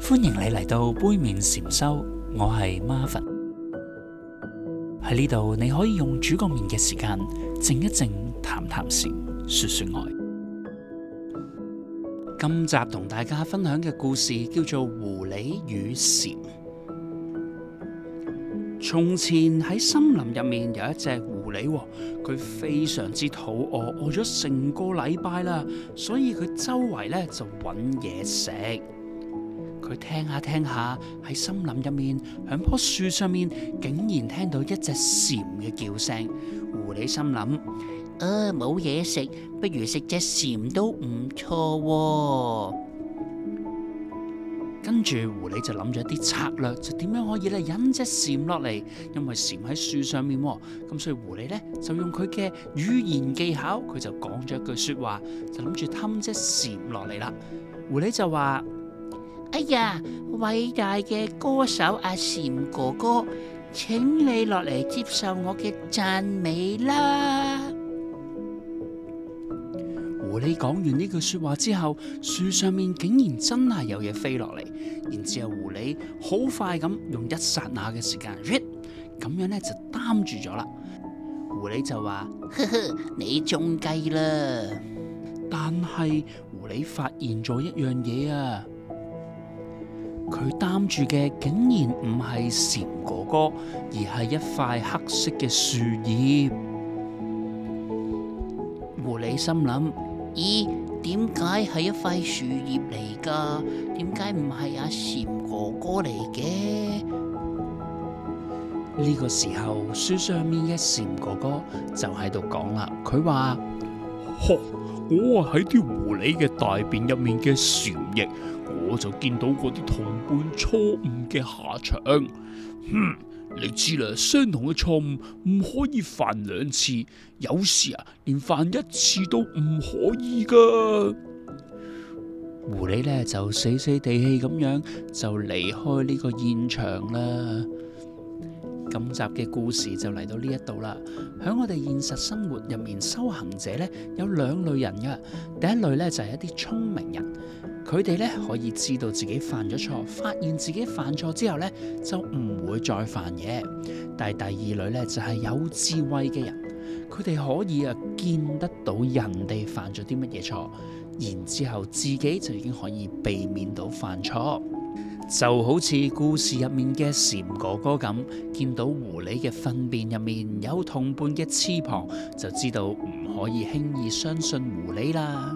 歡迎你嚟到杯麵禪修，我係 Marvin 喺呢度，你可以用煮個麵嘅時間靜一靜，談談禪，說說愛。今集同大家分享嘅故事叫做《狐狸與蟬》。從前喺森林入面有一隻狐狸，佢非常之肚餓，餓咗成個禮拜啦，所以佢周圍咧就揾嘢食。佢聽下聽下，喺森林入面，喺棵樹上面，竟然聽到一隻蟬嘅叫聲。狐狸心諗：啊、呃，冇嘢食，不如食隻蟬都唔錯、哦。跟住狐狸就諗咗啲策略，就點樣可以呢引隻蟬落嚟。因為蟬喺樹上面，咁所以狐狸呢，就用佢嘅語言技巧，佢就講咗一句說話，就諗住氹隻蟬落嚟啦。狐狸就話。哎呀，偉大嘅歌手阿蟬哥哥，請你落嚟接受我嘅讚美啦！狐狸講完呢句說話之後，樹上面竟然真係有嘢飛落嚟，然之後狐狸好快咁用一剎那嘅時間，咁樣咧就擔住咗啦。狐狸就話：， 你中計啦！但係狐狸發現咗一樣嘢啊！佢擔住嘅竟然唔係蟬哥哥，而係一塊黑色嘅樹葉。狐狸心諗：咦，點解係一塊樹葉嚟噶？點解唔係阿蟬哥哥嚟嘅？呢個時候，樹上面嘅蟬哥哥就喺度講啦。佢話：，嚯！我喺啲狐狸嘅大便入面嘅蟬翼，我就見到我啲同伴錯誤嘅下場。哼，你知啦，相同嘅錯誤唔可以犯兩次，有時啊，連犯一次都唔可以噶。狐狸呢就死死地氣咁樣就離開呢個現場啦。今集嘅故事就嚟到呢一度啦。喺我哋現實生活入面，修行者呢有兩類人噶。第一類呢，就係一啲聰明人，佢哋呢可以知道自己犯咗錯，發現自己犯錯之後呢，就唔會再犯嘢。但係第二類呢，就係有智慧嘅人，佢哋可以啊見得到人哋犯咗啲乜嘢錯，然之後自己就已經可以避免到犯錯。就好似故事入面嘅蟬哥哥咁，見到狐狸嘅糞便入面有同伴嘅翅膀，就知道唔可以輕易相信狐狸啦。